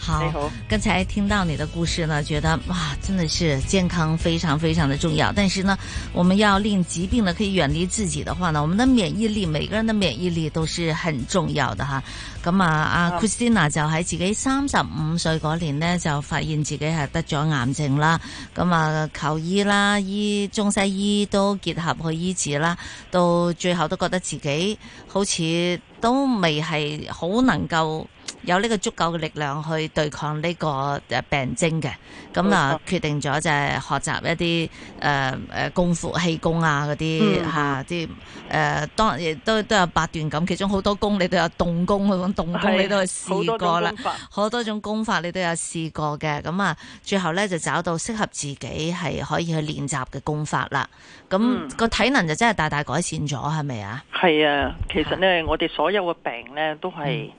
好，你好。剛才聽到你的故事呢，覺得哇，真的是健康非常非常的重要。但是呢，我們要令疾病呢可以遠離自己的話呢，我們的免疫力，每個人的免疫力都是很重要的哈。咁啊，阿 Christina 就喺自己三十五歲嗰年呢，就發現自己係得咗癌症啦。咁啊，求醫啦，醫中西醫都結合去醫治啦，到最後都覺得自己好似都未係好能夠。有呢個足夠嘅力量去對抗呢個誒病徵嘅。咁啊，決定咗就係學習一啲誒誒功夫、氣功、嗯、啊嗰啲吓啲誒，當然亦都都有八段咁。其中好多功，功，功你都有動功種動功，你都去試過啦，好多種功法你都有試過嘅。咁啊，最後咧就找到適合自己係可以去練習嘅功法啦。咁個體能就真係大大改善咗，係咪啊？係啊，其實咧，我哋所有嘅病咧都係。嗯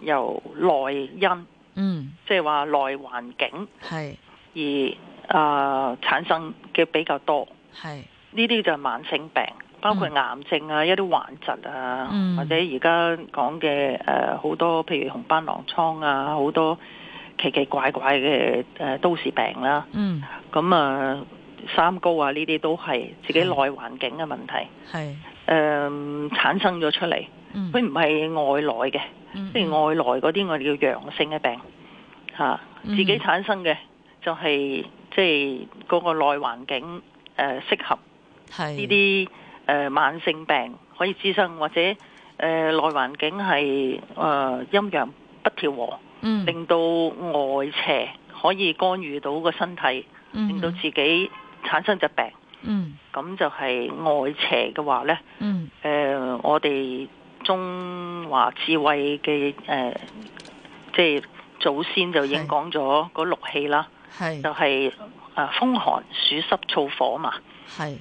由內因，嗯，即係話內環境係、是而啊、呃、產生嘅比較多，係呢啲就係慢性病，嗯、包括癌症啊、一啲患疾啊，嗯、或者而家講嘅誒好多，譬、呃、如紅斑狼瘡啊，好多奇奇怪怪嘅誒、呃、都市病啦、啊，嗯，咁啊、呃、三高啊呢啲都係自己內環境嘅問題，係誒、呃、產生咗出嚟，佢唔係外來嘅。即係、嗯嗯、外來嗰啲我哋叫陽性嘅病，吓、嗯、自己產生嘅就係即係嗰個內環境誒適、呃、合係呢啲誒慢性病可以滋生，或者誒內環境係誒陰陽不調和，嗯、令到外邪可以干預到個身體，嗯、令到自己產生疾病。咁、嗯、就係外邪嘅話咧，誒、嗯呃、我哋。中華智慧嘅誒、呃，即係祖先就已經講咗嗰六氣啦，係就係、係、啊風寒暑濕燥火嘛。係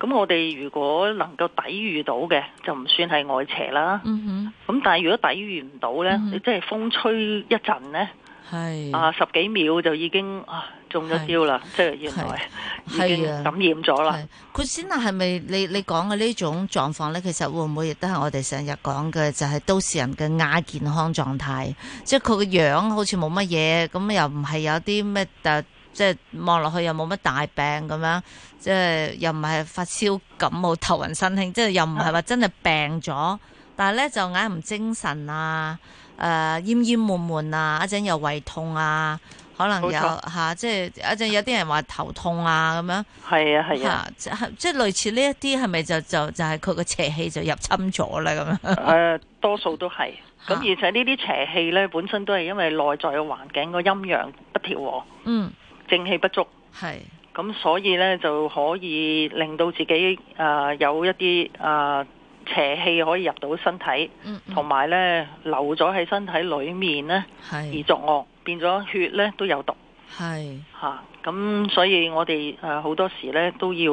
咁係，我哋如果能夠抵禦到嘅，就唔算係外邪啦。咁、嗯、哼但係如果抵禦唔到咧，嗯、哼你即係風吹一陣咧。係是啊，十幾秒就已經啊中咗招啦，是即係原來已經感染咗啦。佢先啊，係咪你你講嘅呢種狀況咧？其實會唔會亦都係我哋成日講嘅，就係都市人嘅亞健康狀態，即係佢個樣好似冇乜嘢，咁又唔係有啲咩，但即係望落去又冇乜大病咁樣，即係又唔係發燒感冒頭暈身㷫，即係又唔係話真係病咗，嗯、但係咧就硬唔精神啊。誒，奄奄悶悶啊！一陣又胃痛啊，可能有嚇，即係一陣有啲人話頭痛啊咁樣。係啊係啊，即係即類似呢一啲，係咪就就就係佢個邪氣就入侵咗啦咁樣？誒、呃，多數都係。咁、啊、而且呢啲邪氣咧，本身都係因為內在嘅環境個陰陽不調和。嗯。正氣不足。係。咁所以咧就可以令到自己誒、呃、有一啲誒。呃邪氣可以入到身體，同埋咧留咗喺身體裏面咧，是而作惡，變咗血咧都有毒。係吓是，咁、啊、所以我哋誒好多時咧都要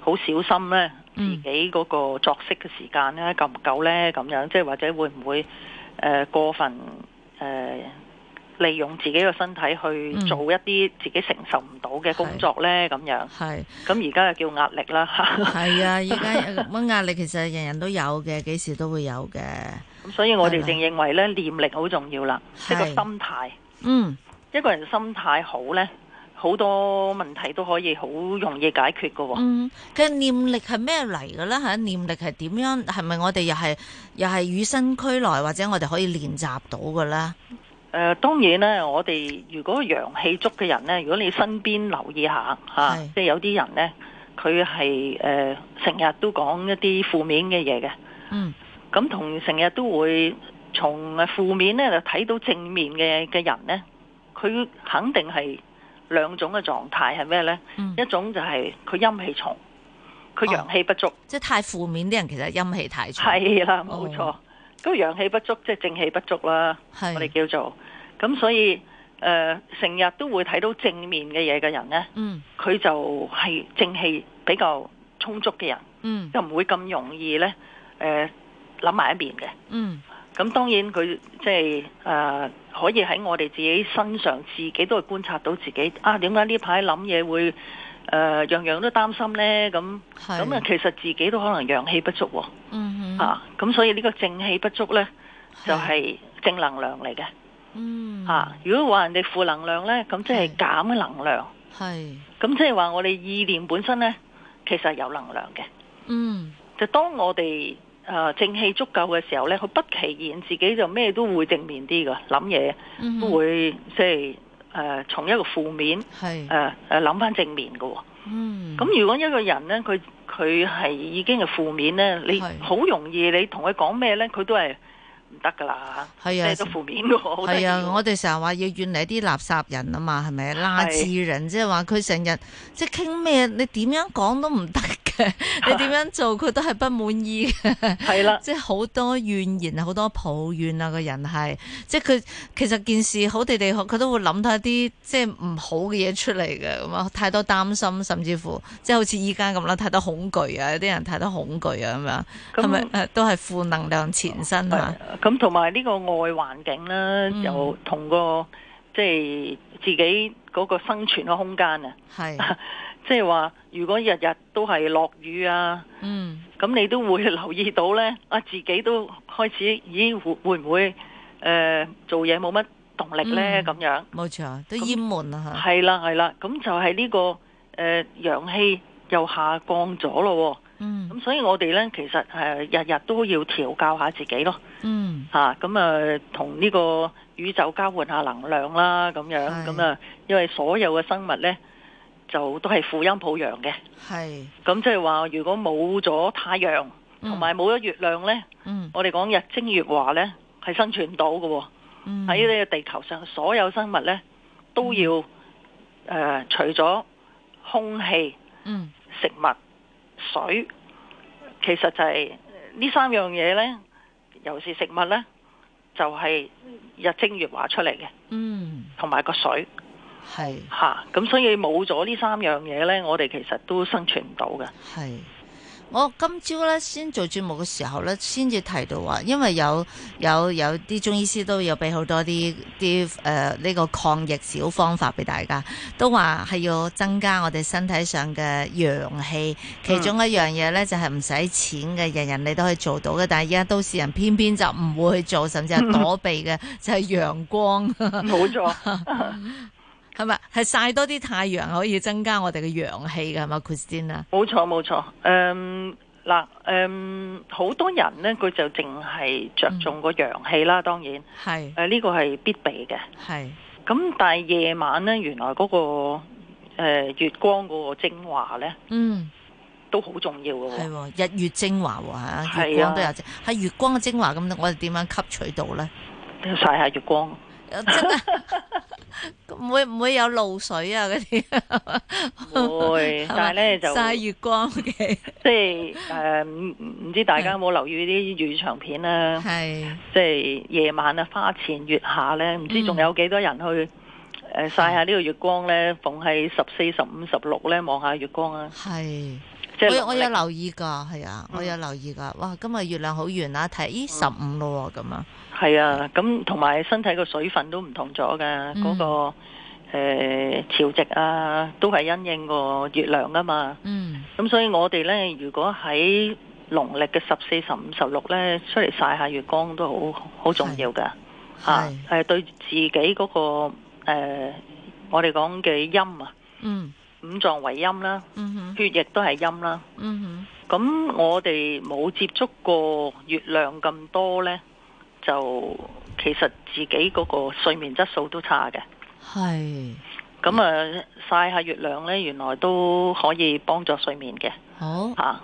好小心咧，自己嗰個作息嘅時間咧夠唔夠咧？咁樣即係或者會唔會誒、呃、過分誒、呃利用自己嘅身體去做一啲自己承受唔到嘅工作呢，咁、嗯、樣。係是。咁而家就叫壓力啦。係啊，而家乜壓力其實人人都有嘅，幾時都會有嘅。咁所以我哋啦正認為咧，念力好重要啦，是即係個心態。嗯，一個人心態好呢，好多問題都可以好容易解決嘅喎、哦嗯。其實念力係咩嚟嘅呢？嚇，念力係點樣？係咪我哋又係又係與生俱來，或者我哋可以練習到嘅呢？誒、呃，當然咧，我哋如果陽氣足嘅人咧，如果你身邊留意一下吓是、啊，即係有啲人咧，佢係誒成日都講一啲負面嘅嘢嘅，嗯，咁同成日都會從誒負面咧就睇到正面嘅嘅人咧，佢肯定係兩種嘅狀態係咩咧？嗯、一種就係佢陰氣重，佢陽氣不足，哦、即係太負面啲人其實陰氣太重，係啦，冇錯。哦都個陽氣不足，即係正氣不足啦。係我哋叫做咁，所以誒，成日都會睇到正面嘅嘢嘅人咧，佢、嗯、就係正氣比較充足嘅人，嗯、又唔會咁容易咧誒諗埋一邊嘅。咁、嗯、當然佢即係誒可以喺我哋自己身上，自己都係觀察到自己啊。點解呢排諗嘢會？誒，樣、呃、樣都擔心咧，咁咁啊，是其實自己都可能陽氣不足喎、哦。嗯咁哼、啊、所以呢個正氣不足咧，是就係正能量嚟嘅。嗯、啊。如果話人哋負能量咧，咁即係減嘅能量。係是。咁即係話我哋意念本身咧，其實有能量嘅。嗯。就當我哋正、呃、氣足夠嘅時候咧，佢不期然自己就咩都會正面啲㗎。諗嘢都會即係。嗯哼誒從一個負面，係誒誒諗翻正面嘅喎、哦。嗯，咁如果一個人咧，佢佢係已經係負面咧，是你好容易你同佢講咩咧，佢都係唔得噶啦。係啊，都負面嘅。係啊，我哋成日話要遠離啲垃圾人啊嘛，係咪？垃圾人是即係話佢成日即係傾咩？你點樣講都唔得。 你點樣做，佢都係不滿意嘅 的，係啦，即係好多怨言好多抱怨啊，個人係，即係佢其實件事好地地，佢都會諗到一啲即係唔好嘅嘢出嚟嘅，咁啊太多擔心，甚至乎即係好似依家咁啦，太多恐懼啊，有啲人太多恐懼啊，咁樣係咪誒都係負能量纏身啊？咁、嗯、同埋呢個外環境啦，就同個即係自己嗰個生存嘅空間啊，係即係話。 如果日日都係落雨啊，咁、嗯、你都會留意到呢，啊自己都開始咦會不會唔會誒做嘢冇乜動力呢？咁、嗯、樣？冇錯，那都翳悶啦嚇。係啦係啦，咁就係呢、這個誒、呃、陽氣又下降咗咯。嗯，咁所以我哋呢，其實誒日日都要調教下自己咯。嗯，嚇咁啊同呢個宇宙交換下能量啦，咁樣咁啊，的因為所有嘅生物呢，就都係負陰抱陽嘅，係咁，即係話，如果冇咗太陽同埋冇咗月亮呢，嗯、我哋講日精月華呢，係生存唔到嘅喎。喺呢、嗯、個地球上，所有生物呢，都要、呃、除咗空氣、嗯、食物、水，其實就係呢三樣嘢呢，尤其是食物呢，就係、是、日精月華出嚟嘅，同埋個水。係吓，咁是、啊、所以冇咗呢三樣嘢呢，我哋其實都生存唔到嘅。係我今朝呢先做節目嘅時候呢，先至提到話，因為有有有啲中醫師都有俾好多啲啲誒呢個抗疫小方法俾大家，都話係要增加我哋身體上嘅陽氣。其中一樣嘢呢，就係唔使錢嘅，人人你都可以做到嘅。但係而家都市人偏偏就唔會去做，甚至係躲避嘅，就係陽光。冇錯。係咪？係晒多啲太陽可以增加我哋嘅陽氣噶？係咪 Christine 啊，冇錯冇錯。誒、嗯，嗱，誒、嗯，好多人咧，佢就淨係着重個陽氣啦。嗯、當然係誒，呢是、呃這個係必備嘅。係咁是，但係夜晚咧，原來嗰、那個誒、呃、月光嗰個精華咧，嗯，都好重要嘅。係日、啊、月精華、啊、月光都有精華，係、啊、月光嘅精華咁，我哋點樣吸取到咧？晒下月光。 會唔會有露水啊？嗰 啲會， 但係咧 就晒月光嘅，即係誒，唔唔知大家有冇留意啲預長片啦？係，即係夜晚啊，是晚花前月下咧，唔知仲有幾多人去、嗯。誒，曬、呃、下呢個月光咧，逢喺十四、十五、十六咧，望下月光啊！係是，我我有留意噶，係啊，我有留意噶、啊嗯。哇，今日月亮好圓啊！睇十五咯，咁、嗯、樣啊，係啊，咁同埋身體個水分都唔同咗噶，嗰、嗯那個誒、呃、潮汐啊，都係因應個月亮噶嘛。嗯，咁所以我哋咧，如果喺農曆嘅十四、十五、十六咧，出嚟曬下月光都好好重要噶，吓係對自己嗰、那個。誒、呃，我哋講嘅陰啊，五臟為陰啦，血液都係陰啦，嗯哼、咁我哋冇接觸過月亮咁多呢，就其實自己嗰個睡眠質素都差嘅，係是，咁啊晒下月亮呢，原來都可以幫助睡眠嘅，好吓，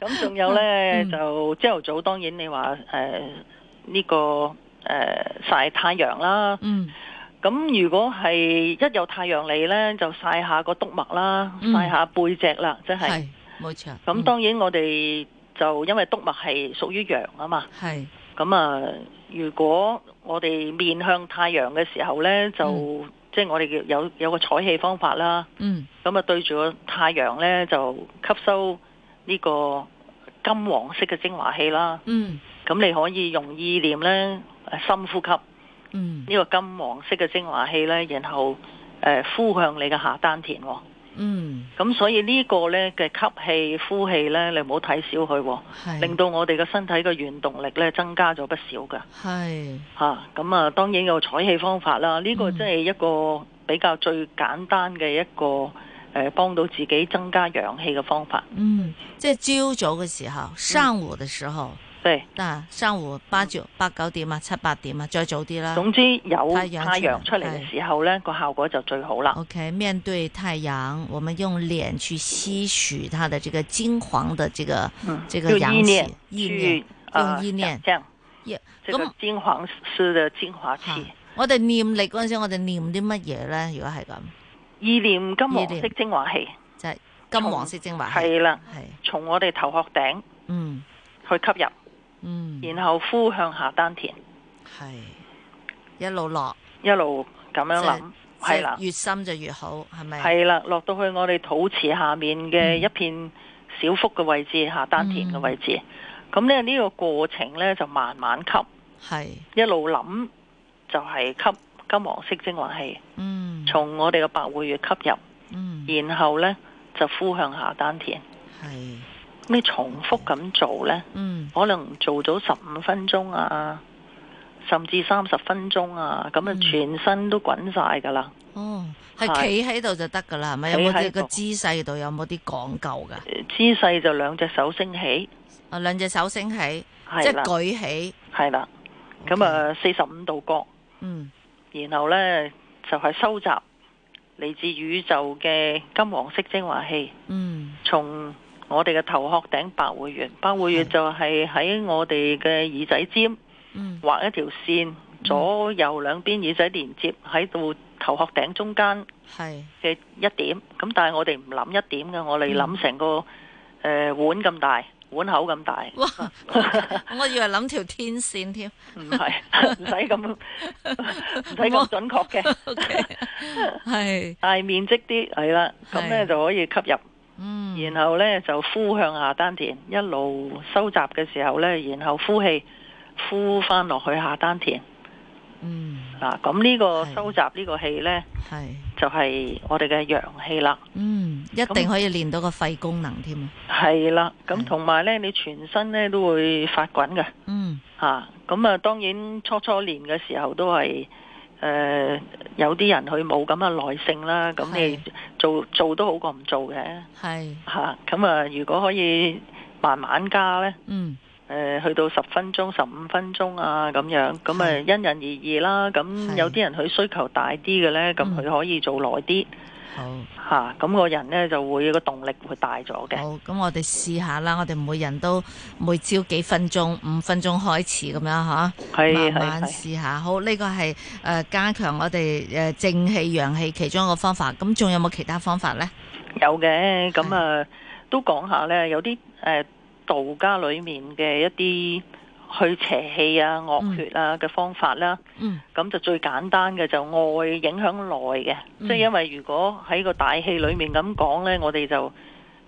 咁仲 是 有呢， 嗯、就朝頭早，當然你話誒呢個。誒，晒、呃、太陽啦，咁、嗯、如果係一有太陽嚟，咧就晒下個督脈啦，晒、嗯、下背脊啦，即係冇錯。咁、嗯、當然我哋就因為督脈係屬於陽啊嘛，係咁是啊，如果我哋面向太陽嘅時候咧，就即係、嗯、我哋有有個採氣方法啦，咁啊、嗯、對住個太陽咧就吸收呢個金黃色嘅精華氣啦，咁、嗯、你可以用意念咧。深呼吸，呢個金黃色嘅精華氣呢，然後誒呼向你嘅下丹田。嗯，咁所以呢個呢嘅吸氣呼氣呢，你唔好睇少佢，令到我哋嘅身體嘅原動力呢增加咗不少噶。係吓，咁啊，當然有採氣方法啦。呢個真係一個比較最簡單嘅一個誒，幫到自己增加氧氣嘅方法。嗯，即係朝早嘅時候，上午嘅時候。對，嗱，上午八九八九點啊，七八點啊，再早啲啦。總之有太陽出嚟嘅時候咧，個效果就最好啦。OK，面對太陽，我們用臉去吸取它的這個金黃的這個這個陽氣，意念去用意念。咁金黃色嘅精華氣。我哋念力嗰陣時，我哋念啲乜嘢咧？如果係咁，意念金黃色精華氣，就係金黃色精華氣。係啦，係從我哋頭殼頂嗯去吸入。嗯，然後呼向下丹田，係一路落，一路咁樣諗，係啦、就是，就是、越深就越好，係咪了？係啦，落到去我哋肚臍下面嘅一片小腹嘅位置，嗯、下丹田嘅位置，咁咧呢個過程咧就慢慢吸，係是一路諗就係、是、吸金黃色精華氣，嗯，從我哋嘅百會穴吸入，嗯、然後咧就呼向下丹田，係。你重複咁做呢，嗯，可能做到十五分鐘啊，甚至三十分鐘啊，咁啊，全身都滾晒噶啦。哦、嗯，係企喺度就得噶啦，係咪是有冇啲個姿勢度有冇啲講究噶？姿勢就兩隻手升起，啊，兩隻手升起，是的即係舉起，係啦，咁啊，四十五度角，嗯，然後呢就係、是、收集嚟自宇宙嘅金黃色精華氣。嗯，從。我哋嘅頭殼頂百會穴，百會穴就係喺我哋嘅耳仔尖畫一條線，左右兩邊耳仔連接喺度頭殼頂中間嘅一點。咁但係我哋唔諗一點嘅，我哋諗成個誒碗咁大，碗口咁大。哇！我以為諗條天線添，唔係唔使咁唔使咁準確嘅，係大面積啲係啦，咁呢就可以吸入。嗯、然後咧就呼向下丹田，一路收集嘅時候咧，然後呼氣呼翻落去下丹田。嗯，嗱、啊，咁呢個收集呢個氣咧，係就係我哋嘅陽氣啦。嗯，一定可以練到個肺功能添。係啦、嗯，咁同埋咧，你全身咧都會發滾嘅。嗯，吓、啊，咁啊，當然初初練嘅時候都係。誒、呃，有啲人佢冇咁嘅耐性啦，咁你做是做都好過唔做嘅。係吓是，咁啊，如果可以慢慢加咧，誒、嗯呃，去到十分鐘、十五分鐘啊，咁樣，咁啊是，就因人而異啦。咁是有啲人佢需求大啲嘅咧，咁佢是可以做耐啲。嗯嗯。好吓，咁，個人咧，就會個動力會大咗嘅。好，咁我哋試下啦，我哋每人都每朝幾分鐘，五分鐘開始咁樣吓，是慢慢試下。好，呢、這個係誒、呃、加強我哋誒、呃、正氣陽氣其中一個方法。咁仲有冇其他方法咧、呃？有嘅，咁啊都講下咧，有啲誒道家裏面嘅一啲。去邪氣啊、惡血啊嘅方法啦、啊，咁、嗯、就最簡單嘅就外影響內嘅，即係、嗯、因為如果喺個大氣裏面咁講呢，我哋就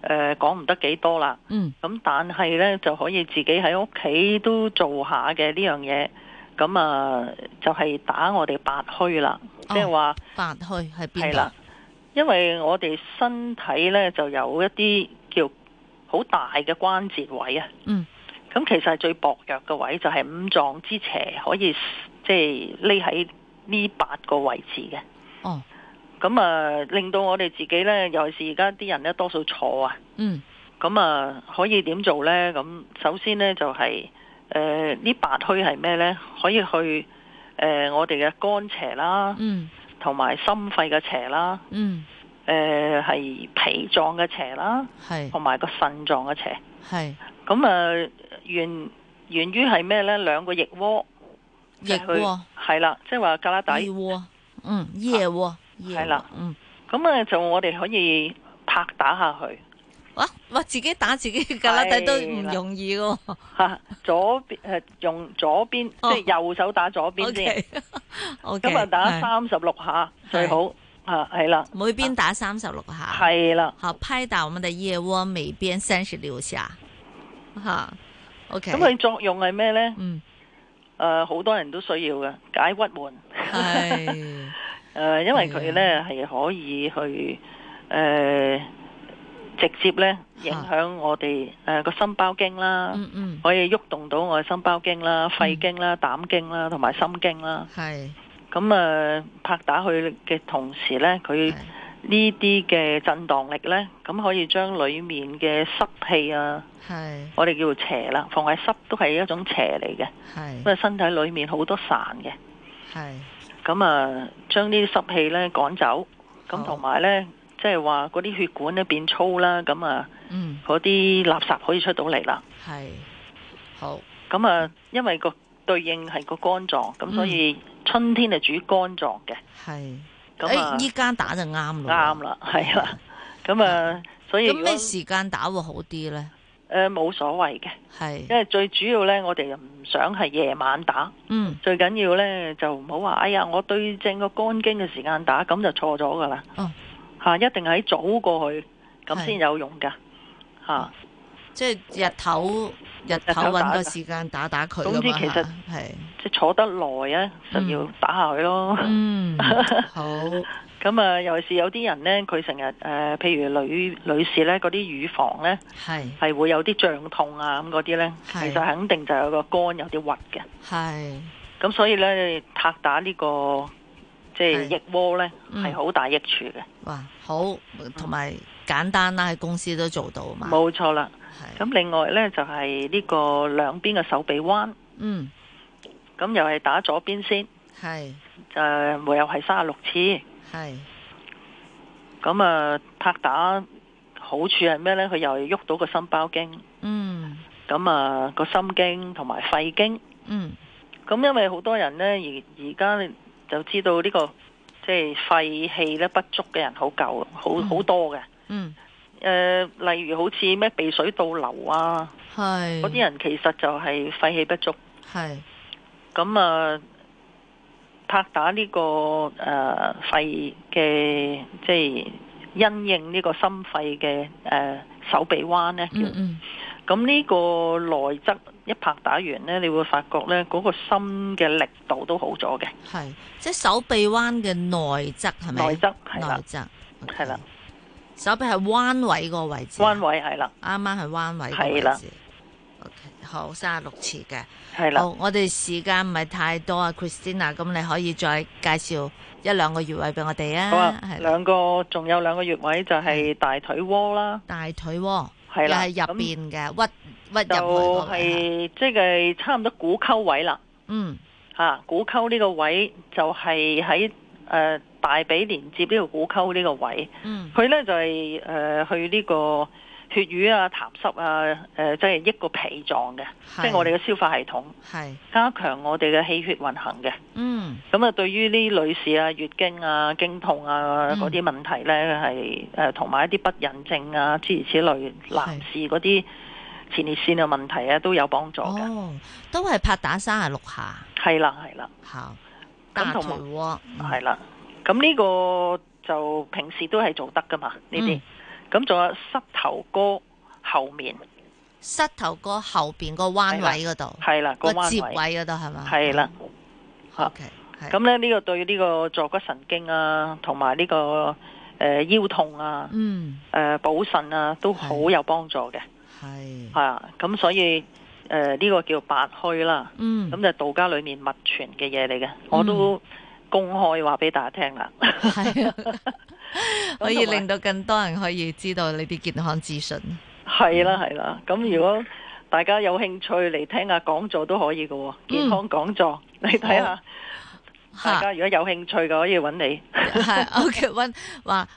誒講唔得幾多啦。咁、嗯、但係呢，就可以自己喺屋企都做下嘅呢樣嘢，咁啊就係、是、打我哋八虛啦，即係話八虛係邊啊？係啦，因為我哋身體呢，就有一啲叫好大嘅關節位啊。嗯咁其實係最薄弱嘅位，就係五臟之邪可以即係匿喺呢八個位置嘅。哦、oh. 啊，咁啊令到我哋自己咧，尤其是而家啲人咧多數坐，mm. 啊。嗯。咁啊可以點做咧？咁首先咧就係誒呢八虛係咩咧？可以去誒、呃、我哋嘅肝邪啦，嗯，同埋心肺嘅邪啦，嗯、mm. 呃，誒係脾臟嘅邪啦，係，同埋個腎臟嘅邪，係、mm. 咁、mm. 啊～源源於係咩咧？兩個腋窩，腋窩係啦，即係話胳肋底，嗯，腋窩係啦，咁啊就我哋可以拍打下佢。哇哇，自己打自己胳肋底都唔容易喎。吓，左邊誒用左邊，即係右手打左邊先。今日打三十六下最好啊，係啦，每邊打三十六下。係啦，好，拍打我哋嘅腋窩，每邊三十六下。吓。咁佢 Okay, 作用係咩呢？好、嗯呃、多人都需要嘅，解鬱悶係因為佢呢係、哎、呀可以去、呃、直接呢影響我哋誒個心包經啦，嗯嗯、可以喐動,動到我嘅心包經啦、肺經啦、膽、嗯、經啦，同埋心經啦。係咁啊，嗯嗯、拍打佢嘅同時呢，佢。呢啲嘅震盪力呢，咁可以將裏面嘅濕氣啊，是我哋叫邪啦，凡係濕都係一種邪嚟嘅，咁啊是身體裏面好多散嘅，咁是啊將呢啲濕氣呢趕走，咁同埋呢，即係話嗰啲血管呢變粗啦，咁啊嗰啲、嗯、垃圾可以出到嚟啦。好，咁啊因為個對應係個肝臟，咁、嗯、所以春天係主肝臟嘅。誒依間打就啱啦，啱啦，係啦，咁啊，所以咩時間打會好啲呢？誒冇、呃、所謂嘅，係的因為最主要呢，我哋又唔想係夜晚打，嗯，最緊要呢，就唔好話，哎呀，我對正個肝經嘅時間打，咁就錯咗噶啦，哦、啊，一定喺早過去，咁先有用噶，嚇的。啊。即係日頭日頭搵個時間打打佢，總之其實係即係坐得耐啊，就要打下佢咯。嗯，好。咁啊，尤其是有啲人咧，佢成日誒，譬如女女士咧，嗰啲乳房咧，係係會有啲脹痛啊。咁嗰啲咧，其實肯定就有個肝有啲鬱嘅。係。咁所以咧，拍打呢個即係腋窩咧，係好大益處嘅。哇，好，同埋簡單啦，喺公司都做到嘛。冇錯啦。咁另外呢，就係、是、呢個兩邊嘅手臂彎，嗯，咁又係打左邊先，係就是、呃、又係三十六次，係咁是啊拍打好處係咩呢？佢又喐到個心包經，嗯，咁啊個心經同埋肺經，嗯，咁因為好多人呢，而而家就知道呢、呢個即係、就是、肺氣咧不足嘅人好舊好夠好好多嘅，嗯。誒、呃，例如好似咩鼻水倒流啊，係嗰啲人其實就係肺氣不足，係咁是啊拍打呢、這個誒、呃、肺嘅，即係因應呢個心肺嘅誒、呃、手臂彎咧，咁呢、嗯嗯、個內側一拍打完咧，你會發覺咧嗰個心嘅力度都好咗嘅，係即係手臂彎嘅內側係咪？內側係啦，係啦。手臂係彎位個位置，彎位係啦，啱啱係彎位個位置了 OK, 好，三十六次嘅，係啦了。好，我哋時間唔係太多啊，Christina，咁你可以再介紹一兩個穴位俾我哋啊。好啊，的兩個，仲有兩個穴位就係大腿窩啦、嗯。大腿窩係啦，了又係入邊嘅、嗯、屈屈入係。就係即係差唔多股溝位啦。嗯，吓股溝呢個位就係喺誒。呃大髀連接呢個股溝呢個位，佢咧就係誒去呢個血瘀啊、痰濕啊、誒即係益個脾臟嘅，即係我哋嘅消化系統，加強我哋嘅氣血運行嘅。嗯，咁啊，對於呢女士啊月經啊經痛啊嗰啲問題咧，係誒同埋一啲不孕症啊諸如此類，男士嗰啲前列腺嘅問題啊都有幫助嘅，都係拍打三十六下。係啦，係啦，咁同台窩，係啦。咁呢個就平時都係做得噶嘛呢啲，咁仲有、嗯、膝頭哥後面，膝頭哥後邊個彎位嗰度，係啦個彎位嗰度係嘛，係啦。O K，咁咧呢個對呢個坐骨神經啊，同埋呢個誒、呃、腰痛啊，嗯，誒補腎啊，都好有幫助嘅。係，係啊，咁所以誒呢、呃這個叫八虛啦，嗯，咁就道家裏面密傳嘅嘢嚟嘅，我都。嗯公開話俾大家聽啦、 啊，可以令到更多人可以知道你啲健康資訊。係啦、啊，係啦、啊。咁如果大家有興趣嚟聽下講座都可以嘅，健康講座、嗯、你睇下。哦、大家如果有興趣嘅可以揾你。係，OK 揾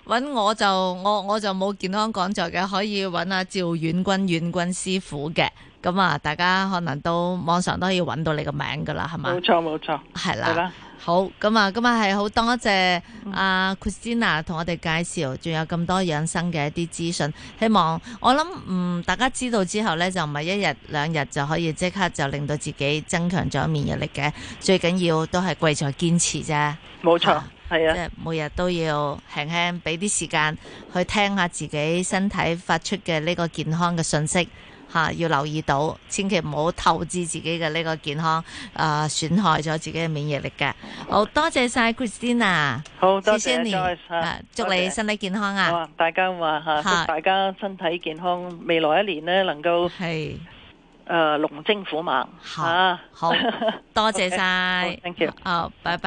揾我就我我就冇健康講座嘅，可以揾下趙婉君、婉君師傅嘅。咁啊，大家可能都網上都可以揾到你個名㗎啦，係嘛？冇錯，冇錯。係啦、啊。好咁啊！今日係好多謝阿 Christina 同我哋介紹，仲有咁多養生嘅一啲資訊。希望我諗，嗯，大家知道之後呢，就唔係一日兩日就可以即刻就令到自己增強咗免疫力嘅。最緊要都係貴在堅持啫。冇錯錯，係啊，的每日都要輕輕俾啲時間去聽下自己身體發出嘅呢個健康嘅信息。.啊，要留意到，千祈唔好透支自己嘅呢個健康，啊、呃，損害咗自己嘅免疫力嘅。好、oh, 多謝晒 Christina，好多謝你，祝你身體健康啊！啊，大家話吓、啊，祝是大家身體健康，未來一年呢能夠係誒龍精虎猛。好，啊、好，好，多謝晒、 okay,，thank you，啊，拜拜。